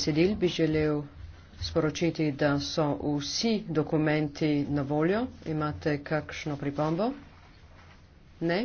besedil bi želel sporočiti, da so vsi dokumenti na voljo. Imate kakšno pripombo? Ne?